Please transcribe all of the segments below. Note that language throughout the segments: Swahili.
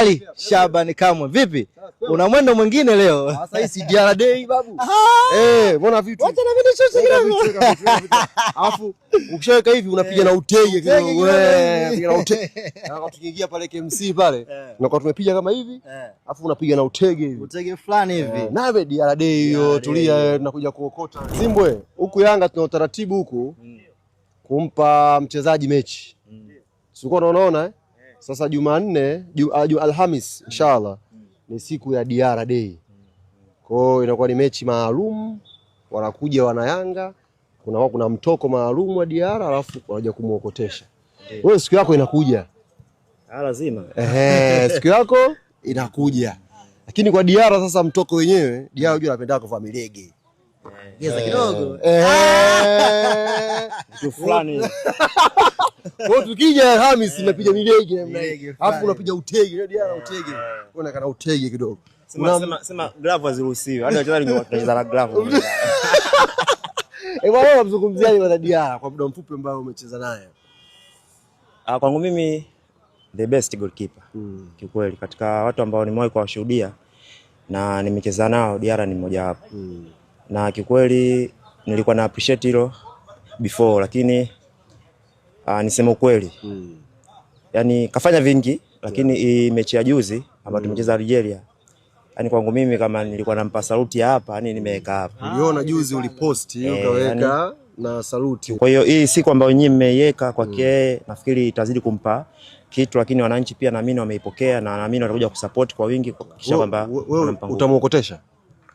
Ali Shabani Kamwe, vipi? Una mwendo mwingine leo? Sasa hii si day babu. Ah, eh, mbona vitu? Acha na mimi nishote kidogo. Alafu ukishaweka hivi unapiga na utege kidogo. Eh, unapiga na utege. Na watu kiingia pale KMC pale. Eh. Tunakuwa tumepiga kama hivi. Eh. Alafu unapiga na utege hivi. Utege fulani hivi. Nawe DR day hiyo tulia, tunakuja kuokota. Zimbwe, huku Yanga tuna utaratibu huku mm. kumpa mchezaji mechi. Mm. Sikuwa unaona eh? Sasa Jumanne ah, ju, Alhamis inshallah ni siku ya Diara Day, kwa hiyo inakuwa ni mechi maalum, wanakuja wanayanga, kuna kuna mtoko maalum wa Diara, alafu wanakuja kumuokotesha wewe. Siku yako inakuja ah, lazima, ehe, siku yako inakuja, lakini kwa Diara sasa mtoko wenyewe Diara unajua anapenda kwa familia Eh, geza eh. kidogo eh. fulani. Kwa tukija napiga milege Alafu unapiga utege, utege. utege kidogo. Sema sema sema haziruhusiwi. Hadi yaani wachezaji na Eh, bwana kwa muda mfupi ambao umecheza naye? Ah, kwangu mimi the best goalkeeper. Mm. Kiukweli katika watu ambao nimewahi kuwashuhudia na nimecheza nao Diara ni mmoja wapo. Mm na kikweli nilikuwa na appreciate hilo before, lakini uh, niseme ukweli mm. yani kafanya vingi lakini yeah. hii mechi ya juzi ambayo mm. tumecheza Algeria yani kwangu mimi kama nilikuwa nampa saluti hapa yani nimeweka hapa. ah, Uliona juzi ulipost eh, ukaweka yani, na saluti. Kwa hiyo hii siku ambayo nyinyi mmeiweka kwake mm. nafikiri itazidi kumpa kitu, lakini wananchi pia naamini wameipokea na naamini watakuja kusupport kwa wingi kuhakikisha kwamba utamwokotesha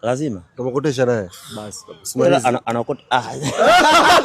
lazima. Kama kotesha naye. Basi. Anaokota. Ah.